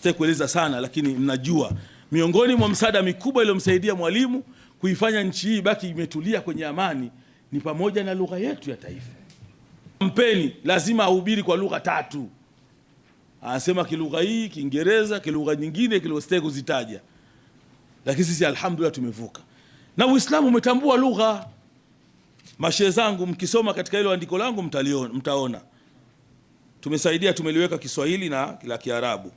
Sitaki kueleza sana, lakini mnajua miongoni mwa msaada mikubwa iliyomsaidia Mwalimu kuifanya nchi hii baki imetulia kwenye amani ni pamoja na lugha yetu ya taifa. Mpeni lazima ahubiri kwa lugha tatu, anasema kilugha hii, Kiingereza, kilugha nyingine kilositaki kuzitaja, lakini sisi alhamdulillah tumevuka na Uislamu umetambua lugha. Mashe zangu, mkisoma katika hilo andiko langu mtaona tumesaidia, tumeliweka Kiswahili na la Kiarabu.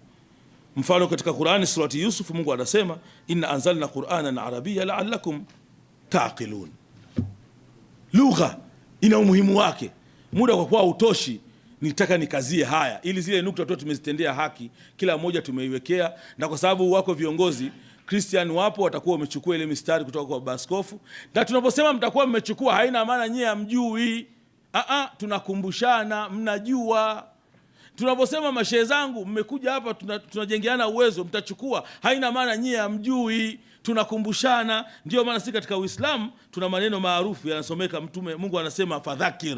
Mfano katika Qur'ani surati Yusuf Mungu anasema inna anzalna Qur'anan arabiyya la'allakum taqilun. Lugha ina umuhimu wake, muda kwa kuwa utoshi, nitaka nikazie haya ili zile nukta tu tumezitendea haki, kila mmoja tumeiwekea, na kwa sababu wako viongozi Christian wapo watakuwa wamechukua ile mistari kutoka kwa baskofu, na tunaposema mtakuwa mmechukua, haina maana nyie hamjui. A a, tunakumbushana, mnajua Tunaposema mashehe zangu, mmekuja hapa, tunajengeana tuna uwezo, mtachukua, haina maana nyie hamjui, tunakumbushana. Ndio maana si katika Uislamu tuna maneno maarufu yanasomeka, Mtume Mungu anasema fadhakir,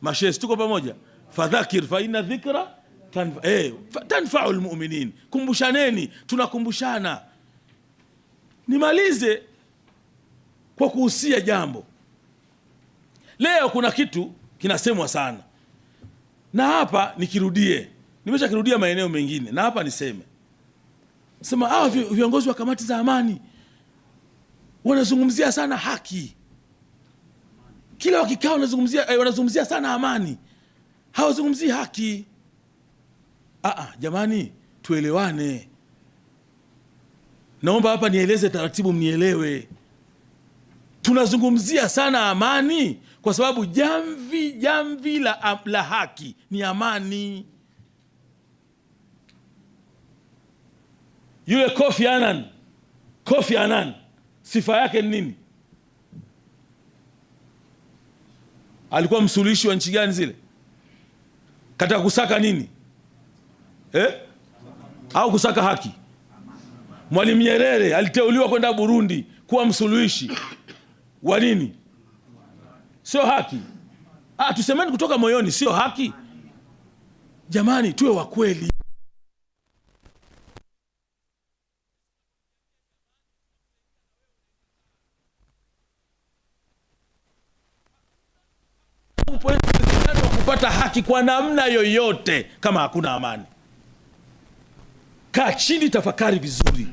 mashehe, tuko pamoja, fadhakir fa inna dhikra tanfa, eh, tanfau lmuminin, kumbushaneni, tunakumbushana. Nimalize kwa kuhusia jambo. Leo kuna kitu kinasemwa sana na hapa nikirudie, nimeshakirudia maeneo mengine, na hapa niseme sema, hawa viongozi wa kamati za amani wanazungumzia sana haki, kila wakikaa wanazungumzia eh, wanazungumzia sana amani, hawazungumzii haki. Aa, jamani, tuelewane. Naomba hapa nieleze taratibu, mnielewe. Tunazungumzia sana amani, kwa sababu jamvi jamvi la, la haki ni amani. Yule Kofi Annan, Kofi Annan sifa yake ni nini? Alikuwa msuluhishi wa nchi gani zile? Katika kusaka nini eh? au kusaka haki. Mwalimu Nyerere aliteuliwa kwenda Burundi kuwa msuluhishi wa nini? sio haki? Ah, tusemeni kutoka moyoni, sio haki? Jamani, tuwe wa kweli. kupata haki kwa namna yoyote, kama hakuna amani, kaa chini, tafakari vizuri.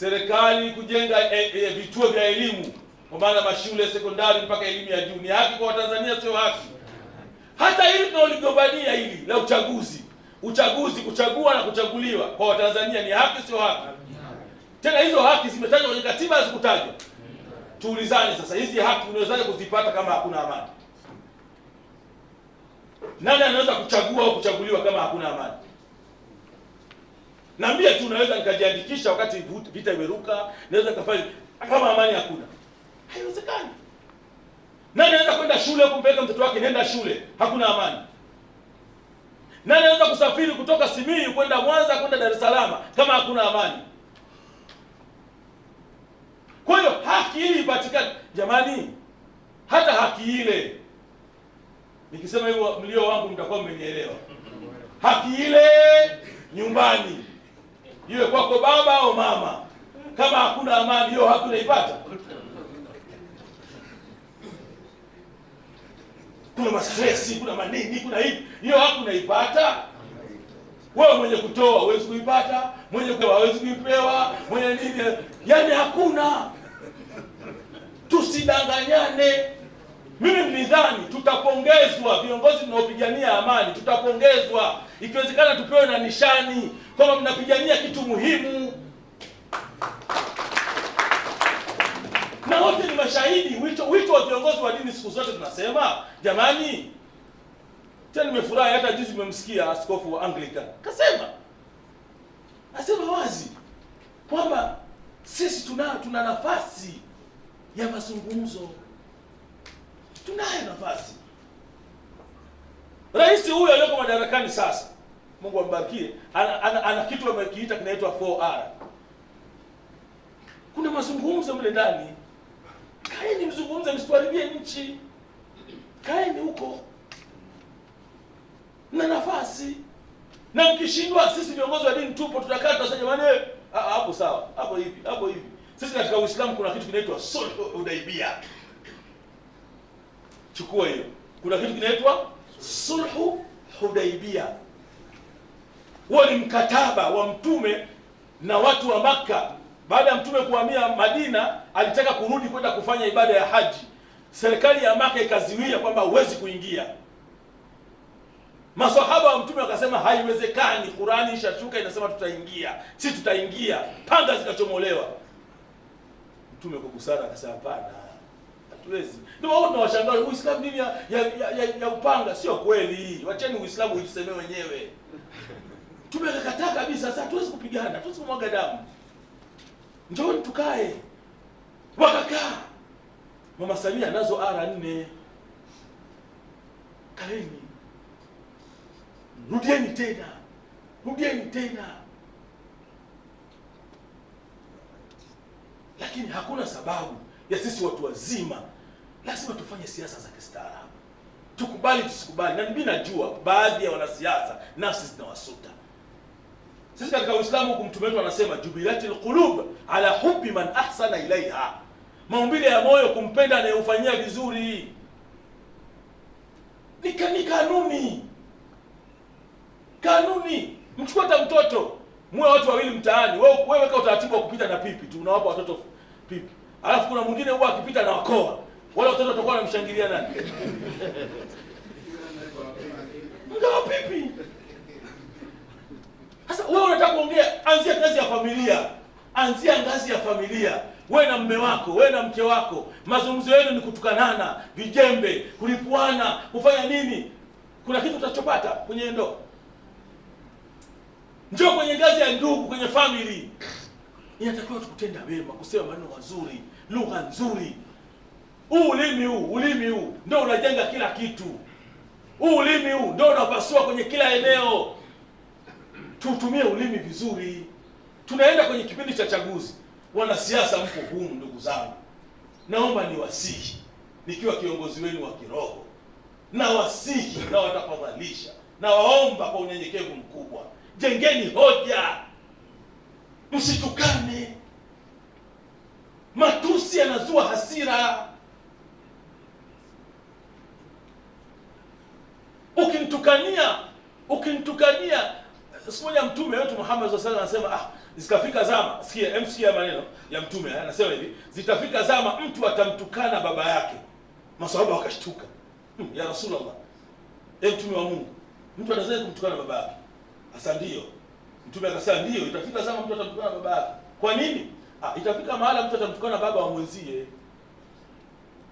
serikali kujenga e, e, vituo vya elimu kwa maana mashule sekondari mpaka elimu ya juu. Ni haki kwa Watanzania, sio haki? Hata hili tunalogombania hili la uchaguzi, uchaguzi, kuchagua na kuchaguliwa kwa Watanzania ni haki, sio haki? Tena hizo haki zimetajwa kwenye katiba, hazikutajwa. Tuulizane sasa, hizi haki unawezaje kuzipata kama hakuna amani? Nani anaweza kuchagua au kuchaguliwa kama hakuna amani? Naambia tu naweza nikajiandikisha wakati vita imeruka, naweza kafanya kama amani hakuna. Haiwezekani. Nani anaweza kwenda shule kumpeleka mtoto wake nenda shule, hakuna amani? Nani anaweza kusafiri kutoka Simiyu kwenda Mwanza kwenda Dar es Salaam kama hakuna amani? Kwa hiyo haki hii ipatikane jamani, hata haki ile. Nikisema hivyo mlio wangu mtakuwa mmenielewa. Haki ile nyumbani iwe kwako baba au mama. Kama hakuna amani, hiyo haki naipata Kuna mastresi, kuna manini, kuna hivi, hiyo haki Wewe mwenye kutoa huwezi kuipata, mwenye kupewa huwezi kuipewa, mwenye nini, yani hakuna. Tusidanganyane. Mimi nilidhani tutapongezwa, viongozi tunaopigania amani tutapongezwa, ikiwezekana tupewe na nishani kwamba mnapigania kitu muhimu, na wote ni mashahidi. Wito wito wa viongozi wa dini siku zote tunasema jamani. Tena nimefurahi hata juzi nimemsikia askofu wa Anglican kasema, asema wazi kwamba sisi tuna tuna nafasi ya mazungumzo, tunayo nafasi. Rais huyo aliyoko madarakani sasa Mungu ambarikie, ana, ana, ana kitu amekiita kinaitwa 4R. Kuna mazungumzo mle ndani, kaeni mzungumze, msituharibie nchi, kaeni huko na nafasi, na mkishindwa, sisi viongozi wa dini tupo, tutakaa tutasema jamani, eh, ah, ah, hapo sawa, hapo hivi, hapo hivi. Sisi katika Uislamu kuna kitu kinaitwa sulhu Hudaibia, chukua hiyo. Kuna kitu kinaitwa sulhu Hudaibia. Huo ni mkataba wa mtume na watu wa Makka. Baada ya mtume kuhamia Madina, alitaka kurudi kwenda kufanya ibada ya haji. Serikali ya maka ikaziwia kwamba huwezi kuingia. Masahaba wa mtume wakasema haiwezekani, Qurani ishashuka inasema tutaingia, si tutaingia. Panga zikachomolewa. Mtume kwa busara akasema hapana, hatuwezi. Ndio Uislamu nini ya, ya, ya, ya upanga? Sio kweli, wacheni Uislamu ujisemee wenyewe tumekakataa kabisa. Sasa tuwezi kupigana, tuwezi kumwaga damu, njoni tukae. Wakakaa. Mama Samia anazo ara nne, kaeni, rudieni tena, rudieni tena, lakini hakuna sababu ya sisi watu wazima lazima tufanye siasa za kistaarabu, tukubali tusikubali. Na mimi najua baadhi ya wanasiasa nafsi zinawasuta sisi katika Uislamu huku mtume wetu anasema jubilatil qulub ala hubbi man ahsana ilaiha, maumbile ya moyo kumpenda anayeufanyia vizuri. Ni kanuni, kanuni. Mchukua hata mtoto, muwe watu wawili mtaani, wewe weka utaratibu wa kupita na pipi tu, unawapa watoto pipi, alafu kuna mwingine huwa akipita na wakoa, wale watoto watakuwa wanamshangilia nani? mgawa pipi sasa wewe unataka kuongea, anzia ngazi ya familia, anzia ngazi ya familia. Wewe na mme wako, wewe na mke wako, mazungumzo yenu ni kutukanana, vijembe, kulipuana, kufanya nini? Kuna kitu utachopata kwenye ndoa? Njoo kwenye ngazi ya ndugu, kwenye family. Inatakiwa tukutenda wema, kusema maneno mazuri, lugha nzuri. Huu ulimi huu, ulimi huu ndio unajenga kila kitu. Huu ulimi huu ndio unapasua kwenye kila eneo tuutumie ulimi vizuri. Tunaenda kwenye kipindi cha chaguzi, wanasiasa mko humu, ndugu zangu, naomba niwasihi nikiwa kiongozi wenu wa kiroho, nawasihi na watafadhalisha, nawaomba kwa unyenyekevu mkubwa, jengeni hoja, msitukane. Matusi yanazua hasira. Ukimtukania ukimtukania siku moja mtume wetu Muhammad sallallahu alaihi wasallam anasema, ah, zikafika zama, sikia MC ya maneno ya mtume eh, anasema hivi, zitafika zama mtu atamtukana baba yake. Masahaba wakashtuka, hmm, ya Rasulullah, e mtume wa Mungu, mtu anaweza kumtukana baba yake? Hasa ndio mtume akasema, ndio, itafika zama mtu atamtukana baba yake. Kwa nini? Ah, itafika mahala mtu atamtukana baba wa mwenzie.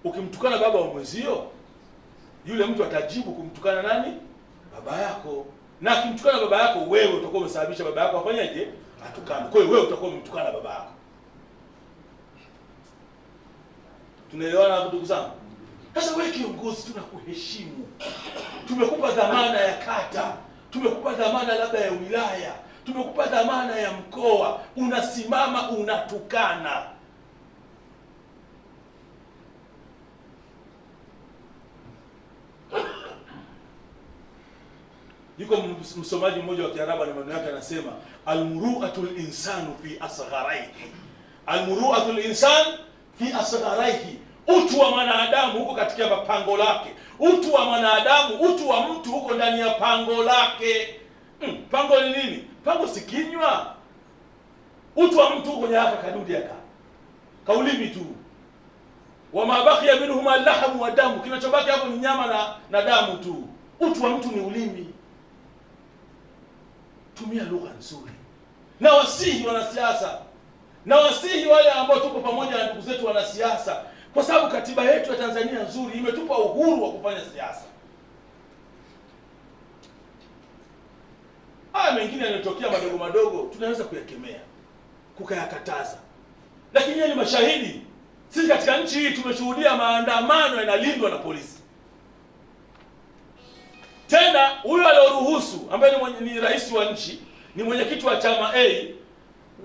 Ukimtukana baba wa mwenzio, yule mtu atajibu kumtukana nani? Baba yako na akimtukana baba yako, wewe utakuwa umesababisha baba yako afanyaje? Atukane. Kwa hiyo wewe utakuwa umemtukana baba yako. Tunaelewana hapo ndugu zangu? Sasa wewe kiongozi, tunakuheshimu. Tumekupa dhamana ya kata, tumekupa dhamana labda ya wilaya, tumekupa dhamana ya mkoa, unasimama unatukana Yuko msomaji mmoja wa Kiarabu na maneno yake anasema, almuruatul insanu fi asgharaihi, almuruatul insan fi asgharaihi, utu wa mwanadamu huko katika pango lake, utu wa mwanadamu, utu wa mtu huko ndani ya pango lake. Mm, pango ni nini? Pango si kinywa. Utu wa mtu huko nyaka kadudi aka kaulimi tu wama baqiya minhuma lahamu wa damu, kinachobaki hapo ni nyama na, na damu tu. Utu wa mtu ni ulimi tumia lugha nzuri, na wasihi wanasiasa, na wasihi wale ambao tuko pamoja na ndugu zetu wanasiasa, kwa sababu katiba yetu ya Tanzania nzuri imetupa uhuru wa kufanya siasa. Haya mengine yanayotokea madogo madogo tunaweza kuyakemea, kukayakataza, lakini yeye ni mashahidi. Sisi katika nchi hii tumeshuhudia maandamano yanalindwa na polisi. Tena huyo alioruhusu ambaye ni, ni rais wa nchi ni mwenyekiti wa chama A,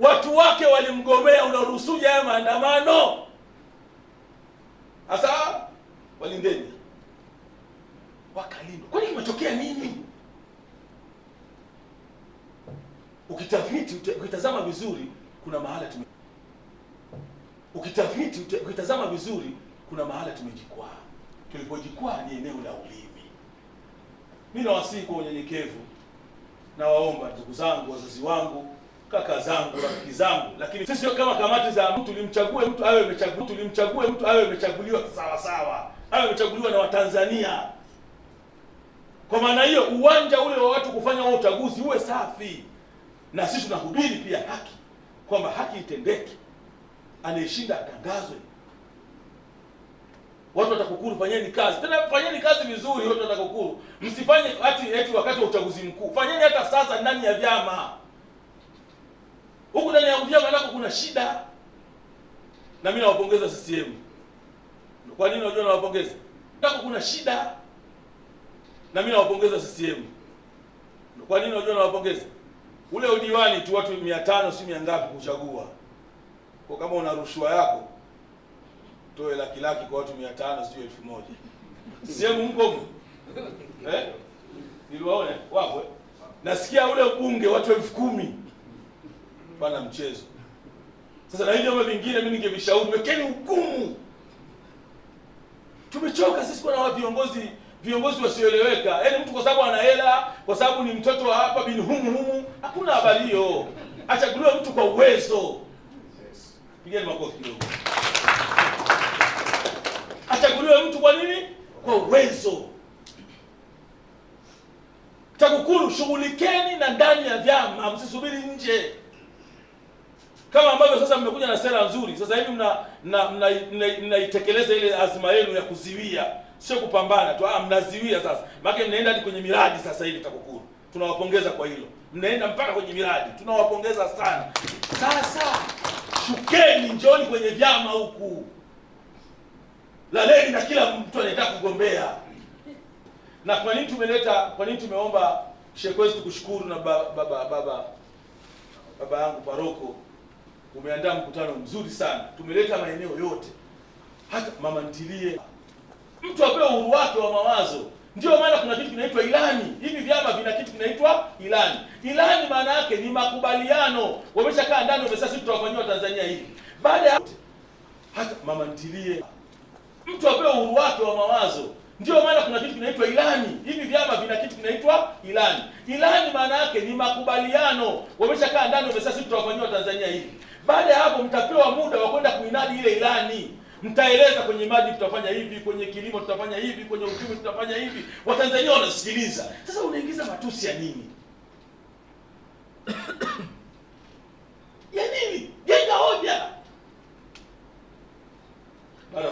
watu wake walimgomea, unaruhusuje haya maandamano? hasa walindeni, wakalindwa. Kwani kimetokea nini? Ukitafiti, ukitazama vizuri, kuna mahala tume ukitafiti, ukitazama vizuri, kuna mahala tumejikwaa. Tulipojikwaa ni eneo la ulinzi mi nawasihi kwa unyenyekevu, nawaomba ndugu zangu, wazazi wangu, kaka zangu, rafiki zangu, lakini sisi kama kamati za mtu tulimchague mtu awe amechaguliwa, tulimchague mtu awe amechaguliwa sawa sawa, awe amechaguliwa na Watanzania. Kwa maana hiyo uwanja ule wa watu kufanya huo uchaguzi uwe safi, na sisi tunahubiri pia haki, kwamba haki itendeke, anayeshinda atangazwe watu watakukuru, fanyeni kazi tena, fanyeni kazi vizuri, watu watakukuru. Msifanye ati eti wakati wa uchaguzi mkuu, fanyeni hata sasa ndani ya vyama. Huku ndani ya vyama nako kuna shida, na mimi nawapongeza CCM. Kwa nini? Unajua nawapongeza nako kuna shida, na mimi nawapongeza CCM. Kwa nini? Unajua nawapongeza ule udiwani tu watu mia tano si mia ngapi kuchagua, kwa kama una rushwa yako toe laki laki kwa watu mia tano sijui elfu moja sehemu mko eh? niliwaone wapo eh? nasikia ule ubunge watu elfu kumi pana mchezo sasa. Na hivi vyama vingine mimi ningevishauri wekeni hukumu. Tumechoka sisi kuwa na viongozi viongozi wasioeleweka, yaani mtu kwa sababu ana hela, kwa sababu ni mtoto wa hapa bin humu humu, hakuna habari hiyo. Achaguliwe mtu kwa uwezo. Pigeni makofi kidogo achaguliwe mtu kwa nini? Kwa uwezo. TAKUKURU, shughulikeni na ndani ya vyama, msisubiri nje, kama ambavyo sasa mmekuja na sera nzuri. Sasa hivi mna- mnaitekeleza ile azma yenu ya kuziwia, sio kupambana tu, ah, mnaziwia sasa, maana mnaenda hadi kwenye miradi sasa hivi. TAKUKURU tunawapongeza kwa hilo, mnaenda mpaka kwenye miradi, tunawapongeza sana. Sasa shukeni, njoni kwenye vyama huku la leni na kila mtu anataka kugombea. Na kwa nini tumeleta, kwa nini tumeomba Sheikh West, kushukuru na baba baba baba baba yangu paroko, umeandaa mkutano mzuri sana, tumeleta maeneo yote, hata mama ntilie, mtu apewe uhuru wake wa mawazo. Ndiyo maana kuna kitu kinaitwa ilani. Hivi vyama vina kitu kinaitwa ilani. Ilani maana yake ni makubaliano, wameshakaa ndani, wamesema sisi tutawafanyia Tanzania hivi. Baada ya hata mama ntilie mtu apewe uhuru wake wa mawazo. ndio maana kuna kitu kinaitwa ilani. Hivi vyama vina kitu kinaitwa ilani. Ilani maana yake ni makubaliano, wameshakaa ndani, wamesema sisi tutawafanyia Tanzania hivi. Baada ya hapo, mtapewa muda wa kwenda kuinadi ile ilani mtaeleza kwenye maji tutafanya hivi, kwenye kilimo tutafanya hivi, kwenye uchumi tutafanya hivi. Watanzania wanasikiliza. Sasa unaingiza matusi ya nini?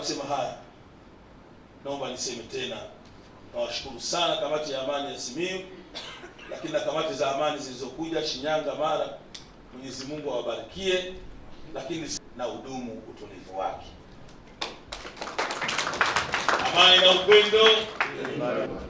kusema haya, naomba niseme tena, nawashukuru sana kamati ya amani ya Simiyu, lakini na kamati za amani zilizokuja Shinyanga, Mara. Mwenyezi Mungu awabarikie, lakini na udumu utulivu wake, amani na upendo.